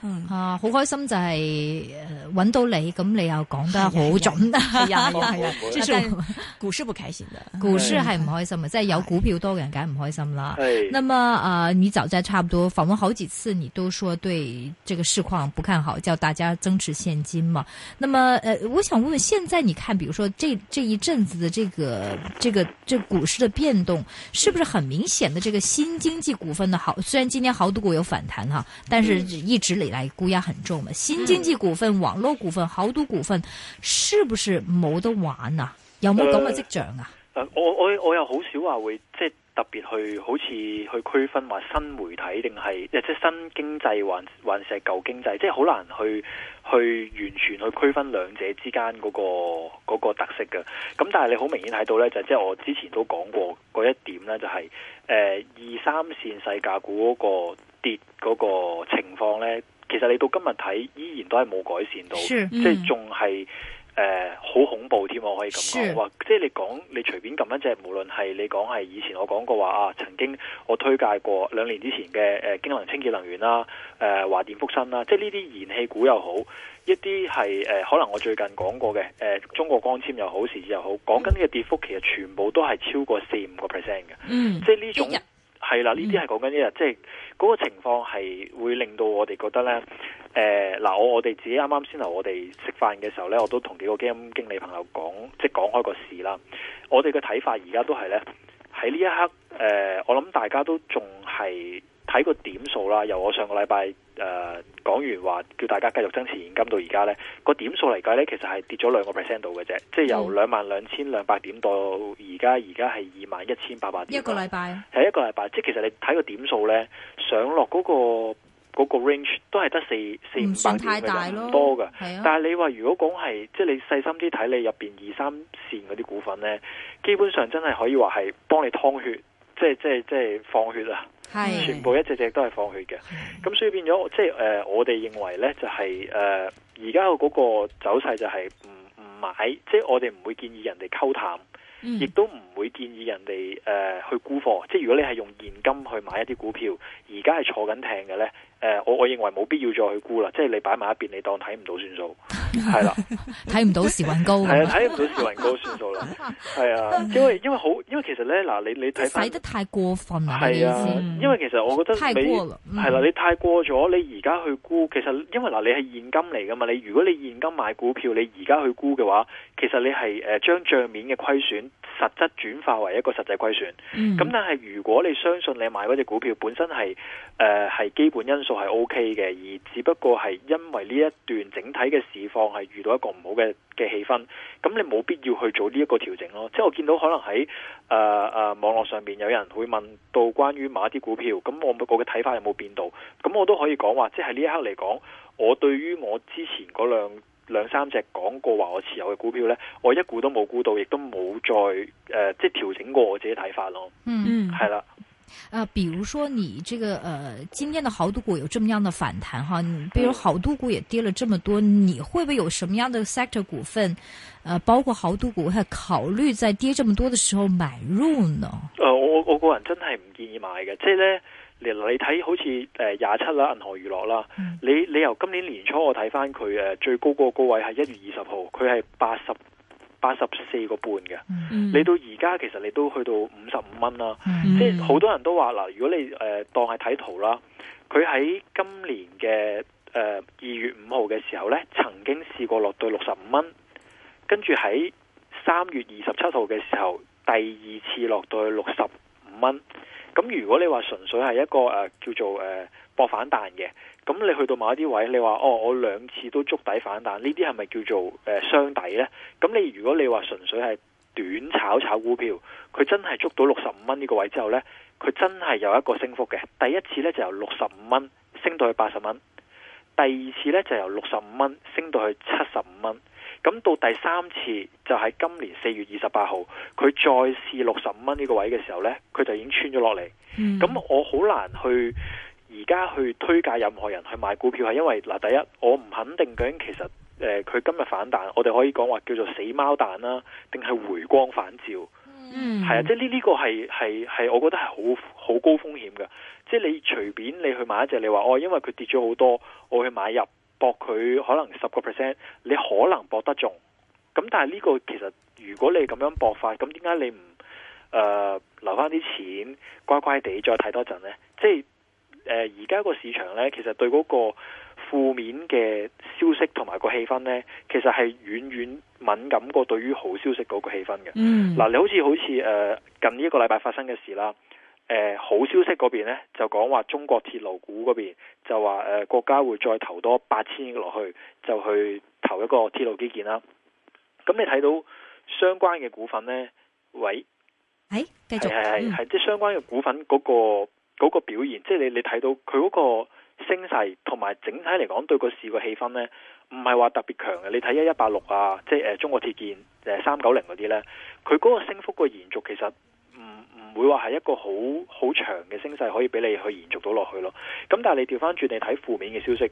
嗯，啊，好開心就係揾到你，咁你又講得好準，係啊、哎，即、哎、係、哎、 股市不開心嘅， 股市係唔開心嘛？在搖、嗯、股票都更加唔開心啦。哎、那咁啊、呃，你早在差不多訪問好幾次，你都說對這個市況不看好，叫大家增持現金嘛。那啊，誒、呃，我想問問，現在你看，比如說這這一陣子的這個這個這個這個、股市的變動，是不是很明顯的？這個新經濟股份的好，雖然今天濠賭股有反彈哈、啊，但是一直嚟。嚟股壓很重嘛？新經濟股份、網絡股份、豪賭股份，是不是冇得玩啊？有冇咁嘅跡象啊？我我我又好少話會即係特別去好似去區分話新媒體定係即係新經濟還還是係舊經濟，即係好難去去完全去區分兩者之間嗰個嗰個特色嘅。咁但係你好明顯睇到呢，就即係我之前都講過嗰一點呢，就係誒二三線細價股嗰個跌嗰個情況呢。其實你到今日睇，依然都係冇改善到，嗯、即係仲係誒好恐怖添。我可以咁講話，即係你講你隨便撳一隻，無論係你講係以前我講過話啊，曾經我推介過兩年之前嘅誒，呃、京能清潔能源啦，誒、呃、華電福新啦，即係呢啲燃氣股又好，一啲係誒可能我最近講過嘅，誒、呃、中國光纖又好，甚至又好，講緊呢個跌幅，其實全部都係超過四五個 percent 嘅。嗯，即係呢種。哎係啦，呢啲係講緊一日，即係嗰個情況係會令到我哋覺得呢。誒、呃、嗱，我我哋自己啱啱先頭我哋食飯嘅時候呢，我都同幾個基金經理朋友講，即係講開個市啦。我哋嘅睇法而家都係呢。喺呢一刻，誒、呃、我諗大家都仲係。睇個點數啦，由我上個禮拜誒、呃、講完話，叫大家繼續增持現金到而家呢個點數嚟計呢，其實係跌咗兩個 percent 度嘅啫，即係由兩萬兩千兩百點到而家，而家係二萬一千八百點。一個禮拜係一個禮拜，即係其實你睇個點數呢，上落嗰個嗰個 range 都係得四四五百點嘅，唔算太大多噶。的但係你話如果講係即係你細心啲睇，你入面二三線嗰啲股份呢，基本上真係可以話係幫你㓥血，即係即係即係放血啊！全部一隻隻都係放血嘅，咁的所以變咗即係誒，我哋認為咧就係、是、誒，而家嗰個走勢就係唔唔買，即、就、係、是、我哋唔會建議人哋溝淡，亦、嗯、都唔會建議人哋誒、呃、去沽貨。即、就、係、是、如果你係用現金去買一啲股票，而家係坐緊艇嘅咧，誒、呃，我我認為冇必要再去沽啦。即、就、係、是、你擺埋一邊，你當睇唔到算數。係啦，睇唔、 啊、到時運高咁，睇唔、 啊、到時運高算數啦。係啊，因為因為好，因為其實咧嗱，你你睇使得太過分啦。係啊，些因為其實我覺得你太過了。係、嗯、啦、啊，你太過咗，你而家去沽，其實因為嗱，你係現金嚟㗎嘛。你如果你現金買股票，你而家去沽嘅話，其實你係誒將賬面嘅虧損實質轉化為一個實際虧損。咁、嗯、但係如果你相信你買嗰隻股票本身係誒係基本因素係 O K 嘅，而只不過係因為呢一段整體嘅市當係遇到一個唔好嘅嘅氣氛，咁你冇必要去做呢一個調整咯。即係我見到可能喺誒誒網絡上邊有人會問到關於某一啲股票，咁我個嘅睇法有冇變到？咁我都可以講話，即係呢一刻嚟講，我對於我之前嗰兩兩三隻講過話我持有嘅股票呢，我一股都冇沽到，亦都冇再誒、呃、即係調整過我自己睇法咯。嗯，係啦。啊、呃，比如說你這個，呃，今天的濠賭股有這麼樣的反彈哈，你比如濠賭股也跌了這麼多，你會不會有什麼樣的 sector 股份，呃，包括濠賭股，佢考慮在跌這麼多的時候買入呢？呃，我我個人真係唔建議買嘅，即係呢你你睇好似誒廿七啦，銀河娛樂啦，嗯、你你由今年年初我睇翻佢誒最高個高位係一月二十號，佢係八十。八十四個半嘅，你、嗯、到而家其實你都去到五十五蚊啦，即係好多人都話嗱，如果你誒、呃、當係睇圖啦，佢喺今年嘅二、呃、月五號嘅時候呢曾經試過落到六十五蚊，跟住喺三月二十七號嘅時候第二次落到去六十五蚊，咁如果你話純粹係一個、呃、叫做誒博、呃、反彈嘅。咁你去到某一啲位，你話哦，我兩次都捉底反彈，呢啲係咪叫做誒雙底、呃、呢？咧？咁你如果你話純粹係短炒炒股票，佢真係捉到六十五蚊呢個位之後呢，佢真係有一個升幅嘅。第一次呢就由六十五蚊升到去八十蚊，第二次呢就由六十五蚊升到去七十五蚊。咁到第三次就係今年四月二十八號，佢再試六十五蚊呢個位嘅時候呢，佢就已經穿咗落嚟。咁、嗯、我好難去。而家去推介任何人去買股票，係因為嗱，第一，我唔肯定究竟其實誒，佢、呃、今日反彈，我哋可以講話叫做死貓彈啦，定係回光返照，嗯，係啊，即係呢呢個係係係，我覺得係好好高風險嘅。即係你隨便你去買一隻，你話哦，因為佢跌咗好多，我去買入搏佢可能十個 percent，你可能搏得中。咁但係呢個其實如果你咁樣搏法，咁點解你唔誒、呃、留翻啲錢乖乖哋再睇多陣咧？即係。誒，而家個市場咧，其實對嗰個負面嘅消息同埋個氣氛咧，其實係遠遠敏感過對於好消息嗰個氣氛嘅。嗯、mm. 啊，嗱你好似好似誒、呃、近呢一個禮拜發生嘅事啦，誒、呃、好消息嗰邊咧就講話中國鐵路股嗰邊就話誒、呃、國家會再投多八千億落去，就去投一個鐵路基建啦。咁你睇到相關嘅股份咧，喂，係繼、哎、續係係係即係相關嘅股份嗰、嗰個。嗰個表現，即係你你睇到佢嗰個升勢，同埋整體嚟講對個市個氣氛呢，唔係話特別強嘅。你睇一一八六啊，即係誒、呃、中國鐵建誒三九零嗰啲呢，佢嗰個升幅個延續其實唔唔、嗯、會話係一個好好長嘅升勢可以俾你去延續到落去咯。咁但係你調返轉你睇負面嘅消息，誒、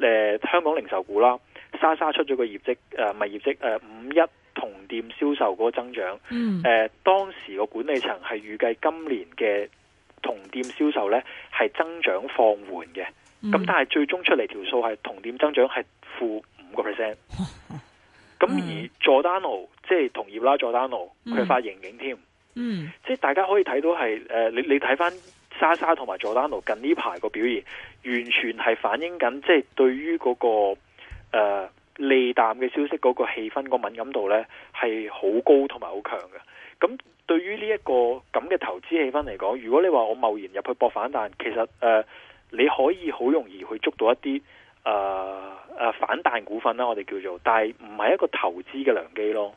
呃、香港零售股啦，莎莎出咗個業績誒，唔、呃、係業績、呃、五一同店銷售嗰個增長，誒、嗯呃、當時個管理層係預計今年嘅。同店銷售咧係增長放緩嘅，咁、嗯、但係最終出嚟條數係同店增長係負五個 percent。咁、嗯、而佐丹奴即係同業啦、嗯，佐丹奴佢發盈警添，嗯，即係大家可以睇到係誒、呃，你你睇返莎莎同埋佐丹奴近呢排個表現，完全係反映緊即係對於嗰、那個、呃、利淡嘅消息嗰個氣氛個敏感度咧係好高同埋好強嘅。咁對於呢一個咁嘅投資氣氛嚟講，如果你話我貿然入去博反彈，其實誒、呃、你可以好容易去捉到一啲誒、呃呃、反彈股份啦，我哋叫做，但係唔係一個投資嘅良機咯。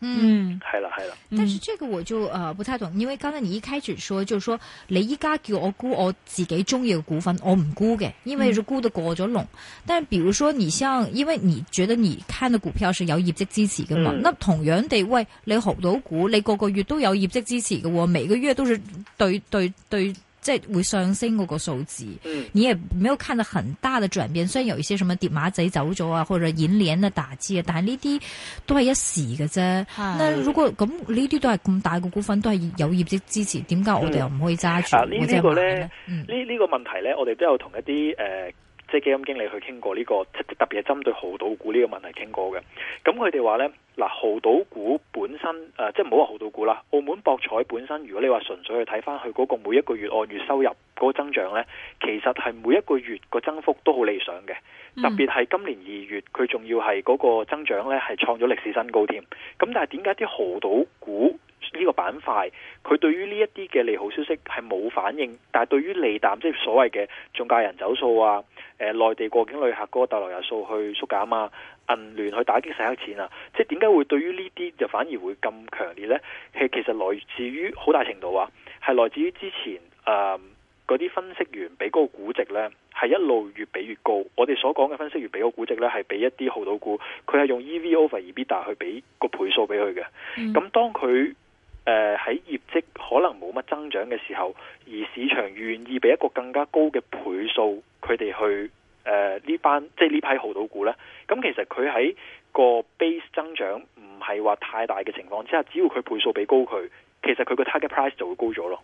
嗯，係啦係啦，但是呢個我就誒、呃、不太懂，因為剛才你一開始說，就說你依家叫我估我自己中意嘅股份，我唔估嘅，因為就估到過咗籠。嗯、但係，比如說你像，因為你覺得你看嘅股票是有業績支持嘅嘛，嗯、那同樣地，喂，你學到股，你個個月都有業績支持嘅，每個月都是對對對。即係會上升嗰個數字，你也沒有看到很大嘅轉變。嗯、雖然有一些什麼跌馬仔走咗啊，或者銀聯啊、打擊啊，但係呢啲都係一時嘅啫。但是如果咁呢啲都係咁大嘅股份，都係有業績支持，點解我哋又唔可以揸住？啊、嗯，呢個呢個咧，呢呢、嗯、個問題咧，我哋都有同一啲誒。呃即係基金經理去傾過呢個，特別係針對濠賭股呢個問題傾過嘅。咁佢哋話咧，嗱，濠賭股本身，誒、呃、即唔好話濠賭股啦，澳門博彩本身，如果你話純粹去睇翻佢嗰個每一個月按月收入嗰個增長咧，其實係每一個月個增幅都好理想嘅。嗯、特別係今年二月，佢仲要係嗰個增長咧係創咗歷史新高添。咁但係點解啲濠賭股？呢個板塊，佢對於呢一啲嘅利好消息係冇反應，但係對於利淡，即係所謂嘅仲介人走數啊，誒、呃，內地過境旅客嗰個帶來人數去縮減啊，銀聯去打擊洗黑錢啊，即係點解會對於呢啲就反而會咁強烈呢？係其實來自於好大程度啊，係來自於之前誒嗰啲分析員俾嗰個估值呢，係一路越俾越高。我哋所講嘅分析員俾個估值呢，係俾一啲好到股，佢係用 EV over EBITDA 去俾個倍數俾佢嘅。咁、嗯、當佢誒喺、呃、業績可能冇乜增長嘅時候，而市場願意俾一個更加高嘅倍數，佢哋去誒、呃、呢班即係呢批豪賭股咧。咁其實佢喺個 base 增長唔係話太大嘅情況之下，只要佢倍數俾高佢，其實佢個 target price 就會高咗咯。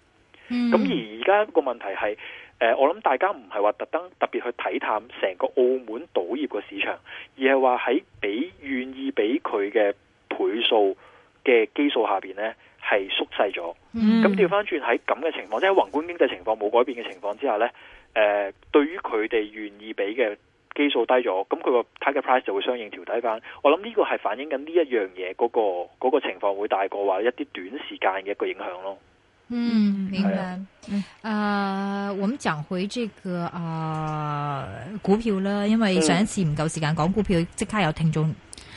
咁、嗯、而而家個問題係誒、呃，我諗大家唔係話特登特別去睇探成個澳門賭業嘅市場，而係話喺俾願意俾佢嘅倍數嘅基數下邊咧。係縮細咗，咁調翻轉，喺咁嘅情況，即係宏觀經濟情況冇改變嘅情況之下呢，誒、呃，對於佢哋願意俾嘅基數低咗，咁佢個 target price 就會相應調低翻。我諗呢個係反映緊呢一樣嘢，嗰、嗰個、嗰個情況會大過話一啲短時間嘅一個影響咯，嗯、啊。嗯、明、呃、白。我們講回這個啊、呃、股票啦，因為上一次唔夠時間講股票，即刻有聽眾。嗯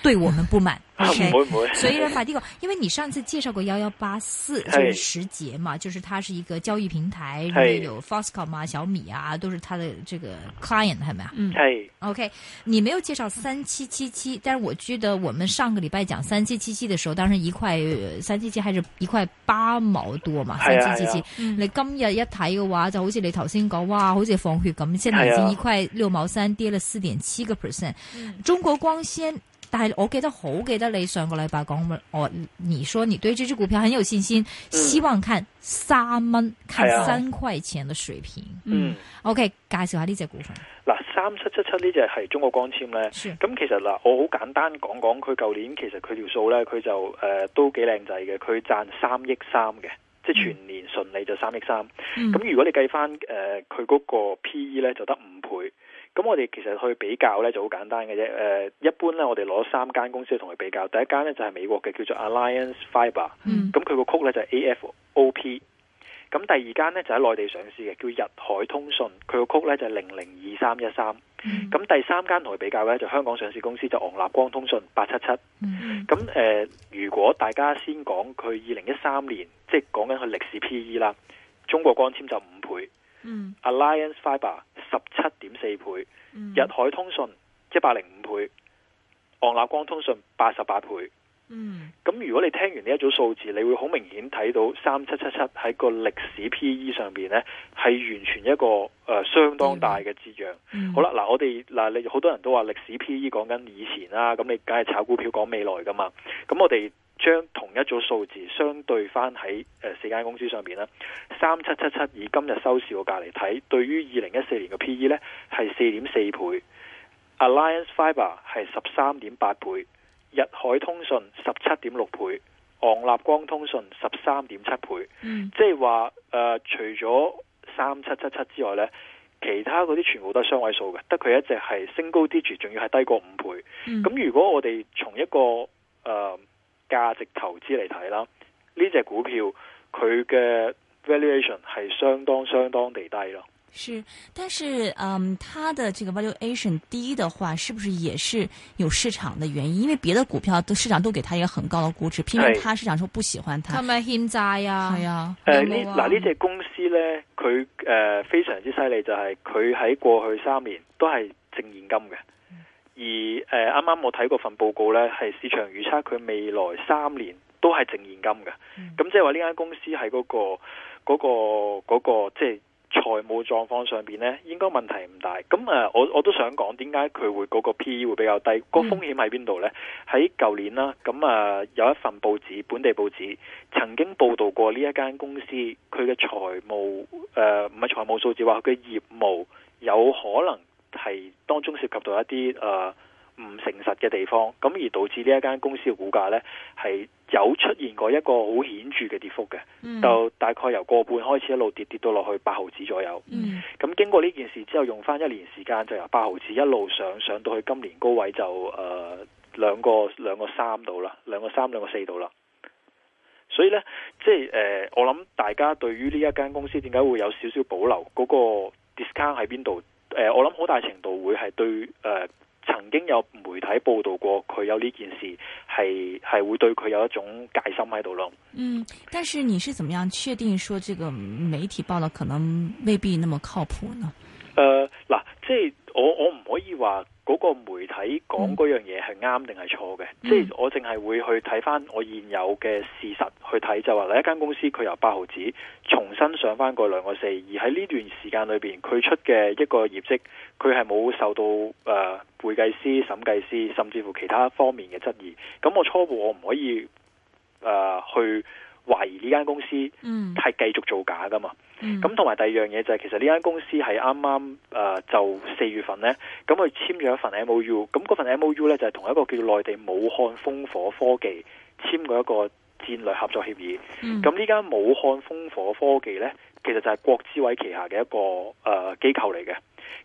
對我們不滿，OK。所以呢，馬蒂哥，因為你上次介紹過幺幺八四，就是時捷嘛，就是它是一個交易平台，裏面有 Fosco 嘛，小米啊，都是它的這個 client，還有啊，嗯，是 OK。你沒有介紹三七七七，但是我記得我們上個禮拜講三七七七的時候，當時一塊三七七還是一塊八毛多嘛，三七七七。你今日一睇嘅話，就好似你頭先講，哇，好似放血咁，現在已經一塊六毛三，跌了四點七個 percent，中國光纖。但係我記得好記得你上個禮拜講我，你說你對這支股票很有信心，嗯、希望看三蚊，看三塊錢的水平。嗯，嗯，OK，介紹下呢隻股份。嗱，三七七七呢隻係中國光纖咧。咁是其實嗱，我好簡單講講佢舊年其實佢條數咧，佢就誒、呃、都幾靚仔嘅，佢賺三億三嘅，即係全年順利就三億三。咁、嗯、如果你計翻誒佢嗰個 P E 咧就得五倍。咁我哋其實去比較咧就好簡單嘅啫，誒一般咧我哋攞三間公司去同佢比較，第一間咧就係美國嘅叫做 Alliance Fiber，咁佢個、嗯、曲咧就係 A F O P，咁第二間咧就喺內地上市嘅叫日海通信，佢個曲咧就係零零二三一三，咁第三間同佢比較咧就是、香港上市公司就昂納光通信八七七，咁、嗯呃、如果大家先講佢二零一三年，即係講緊佢歷史 P E 啦，中國光纖就五倍、嗯、Alliance Fiber。十七點四倍，日海通訊一百零五倍，昂立光通訊八十八倍。嗯，咁如果你聽完呢一組數字，你會好明顯睇到三七七七喺個歷史 P E 上邊呢，係完全一個誒、呃、相當大嘅字樣。嗯嗯、好啦，嗱我哋嗱你好多人都話歷史 P E 講緊以前啦、啊，咁你梗係炒股票講未來噶嘛？咁我哋。將同一組數字相對翻喺、呃、四間公司上面。啦，三七七七以今日收市個價嚟睇，對於二零一四年嘅 P/E 咧係四點四倍，Alliance Fiber 係十三點八倍，日海通訊十七點六倍，昂立光通訊十三點七倍。嗯、即係話、呃、除咗三七七七之外咧，其他嗰啲全部都係雙位數嘅，得佢一隻係 single digit，仲要係低過五倍。咁、嗯、如果我哋從一個、呃價值投資嚟睇啦，呢、這、隻、個、股票佢嘅 valuation 係相當相當地低咯。是，但是嗯，它的這個 valuation 低的話，是不是也是有市場的原因？因為別的股票都市場都給它一個很高的估值，偏偏他市場說不喜歡它。佢咪欠債呀？係、嗯、呀，誒、呃，呢嗱呢隻公司咧，佢誒、呃、非常之犀利、就是，就係佢喺過去三年都係淨現金嘅。而誒啱啱我睇嗰份報告呢係市場預測佢未來三年都係淨現金嘅。咁即係話呢間公司喺嗰個嗰個嗰個即係財務狀況上邊咧，應該問題唔大。咁啊，我我都想講點解佢會嗰個 P/E 會比較低？個風險喺邊度呢？喺舊年啦，咁啊有一份報紙本地報紙曾經報導過呢一間公司佢嘅財務誒唔係財務數字話佢嘅業務有可能。係當中涉及到一啲誒唔誠實嘅地方，咁而導致呢一間公司嘅股價呢，係有出現過一個好顯著嘅跌幅嘅，嗯、就大概由個半開始一路跌，跌到落去八毫子左右。咁、嗯、經過呢件事之後，用翻一年時間就由八毫子一路上，上到去今年高位就誒兩、呃、個兩個三到啦，兩個三兩個四到啦。所以呢，即係、呃、我諗大家對於呢一間公司點解會有少少保留，嗰、嗰個 discount 喺邊度？誒、呃，我諗好大程度會係對誒、呃，曾經有媒體報道過佢有呢件事，係係會對佢有一種戒心喺度咯。嗯，但是你是怎麼樣確定說這個媒體報道可能未必那麼靠譜呢？誒、呃，嗱，即係。我我唔可以話嗰個媒體講嗰樣嘢係啱定係錯嘅，即係、嗯、我淨係會去睇翻我現有嘅事實去睇就話，第一間公司佢由八毫紙重新上翻個兩個四，而喺呢段時間裏邊佢出嘅一個業績，佢係冇受到誒、呃、會計師、審計師甚至乎其他方面嘅質疑，咁我初步我唔可以誒、呃、去。懷疑呢間公司係繼續造假噶嘛？咁同埋第二樣嘢就係、是、其實呢間公司係啱啱誒就四月份咧，咁佢簽咗一份 M O U，咁嗰份 M O U 咧就係、是、同一個叫內地武漢烽火科技簽過一個戰略合作協議。咁呢間武漢烽火科技咧，其實就係國資委旗下嘅一個誒、呃、機構嚟嘅。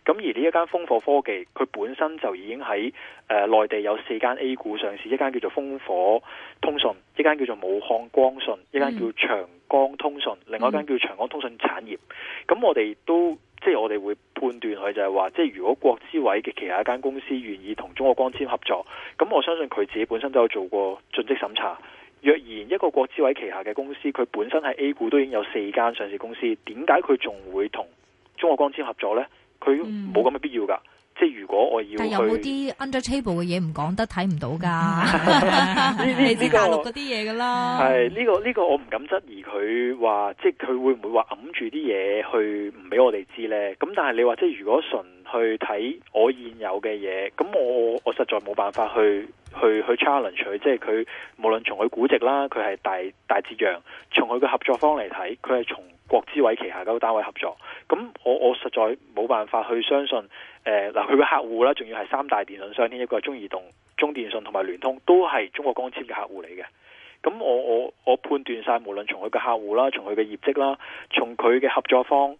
咁而呢一間烽火科技，佢本身就已經喺誒內地有四間 A 股上市，一間叫做烽火通訊，一間叫做武漢光信，一間叫長江通訊，嗯、另外一間叫長江通訊產業。咁、嗯嗯、我哋都即係我哋會判斷佢就係話，即係如果國資委嘅旗下一間公司願意同中國光纖合作，咁我相信佢自己本身都有做過盡職審查。若然一個國資委旗下嘅公司，佢本身喺 A 股都已經有四間上市公司，點解佢仲會同中國光纖合作呢？佢冇咁嘅必要㗎，即係如果我要，但有冇啲 under table 嘅嘢唔講得睇唔到㗎？你知 大陸啲嘢㗎啦。係呢個呢個我唔敢質疑佢，話即係佢會唔會話揞住啲嘢去唔俾我哋知咧？咁但係你話，即係如果純。去睇我現有嘅嘢，咁我我實在冇辦法去去去 challenge，佢，即係佢無論從佢估值啦，佢係大大折讓；從佢嘅合作方嚟睇，佢係從國資委旗下嗰個單位合作。咁我我實在冇辦法去相信，誒、呃、嗱，佢嘅客戶啦，仲要係三大電信商添，一個係中移動、中電信同埋聯通，都係中國光纖嘅客戶嚟嘅。咁我我我判斷晒，無論從佢嘅客戶啦，從佢嘅業績啦，從佢嘅合作方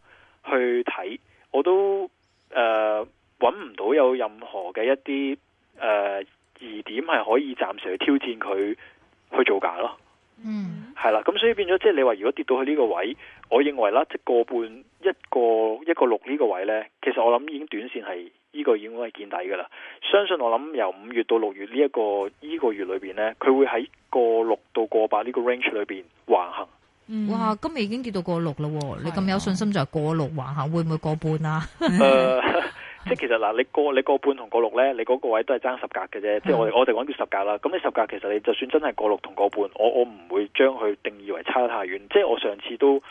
去睇，我都。誒，搵唔、uh，到有任何嘅一啲誒、uh，疑點係可以暫時去挑戰佢去造假咯。嗯，係啦，咁所以變咗即係你話如果跌到去呢個位，我認為啦，即係個半一個一個六呢個位呢，其實我諗已經短線係呢個已經係見底噶啦。相信我諗由五月到六月呢、呢、一個呢、呢個月裏邊呢，佢會喺個六到個八呢個 range 裏邊橫行。嗯、哇！今日已經跌到過六喎。的你咁有信心就係過六，話下會唔會過半啊？誒、 呃，即係其實嗱，你過你過半同過六咧，你嗰個位都係爭十格嘅啫。嗯、即係我我哋講叫十格啦。咁你十格其實你就算真係過六同過半，我我唔會將佢定義為差得太遠。即係我上次都。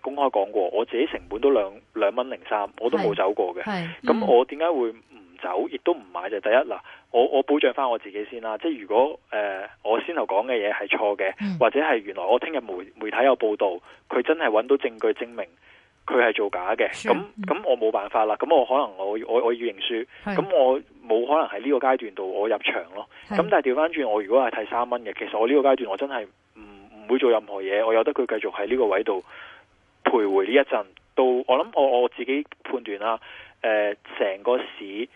公開講過，我自己成本都兩兩蚊零三，我都冇走過嘅。咁、嗯、我點解會唔走，亦都唔買？就是、第一嗱，我我保障翻我自己先啦。即係如果誒、呃、我先頭講嘅嘢係錯嘅，嗯、或者係原來我聽日媒媒體有報導，佢真係揾到證據證明佢係做假嘅，咁咁我冇辦法啦。咁我可能我我我要認輸，咁是我冇可能喺呢個階段度我入場咯。咁是但係調翻轉，我如果係睇三蚊嘅，其實我呢個階段我真係唔唔會做任何嘢，我由得佢繼續喺呢個位度。徘徊呢一陣，到我諗我我自己判斷啦，誒、呃、成個市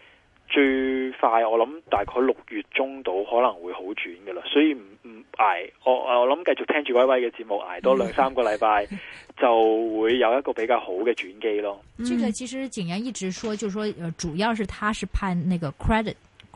最快我諗大概六月中到可能會好轉嘅啦，所以唔唔捱我我諗繼續聽住威威嘅節目捱多兩三個禮拜、嗯、就會有一個比較好嘅轉機咯。呢個、嗯嗯、其實景羊一直說，就係說，主要是他是判那個 credit。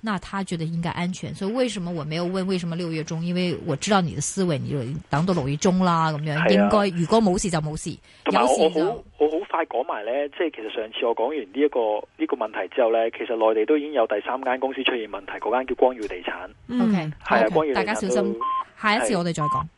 那他覺得應該安全，所以為什麼我沒有問為什麼六月中？因為我知道你的思維，你就等到六月中啦咁樣。係啊、應該如果冇事就冇事。還有，有事我好，我好快講埋呢。即係其實上次我講完呢、呢、一個呢、呢個問題之後呢，其實內地都已經有第三間公司出現問題，嗰間叫光耀地產。嗯，係啊，光耀地產都 okay, okay, 大家小心，都下一次我哋再講。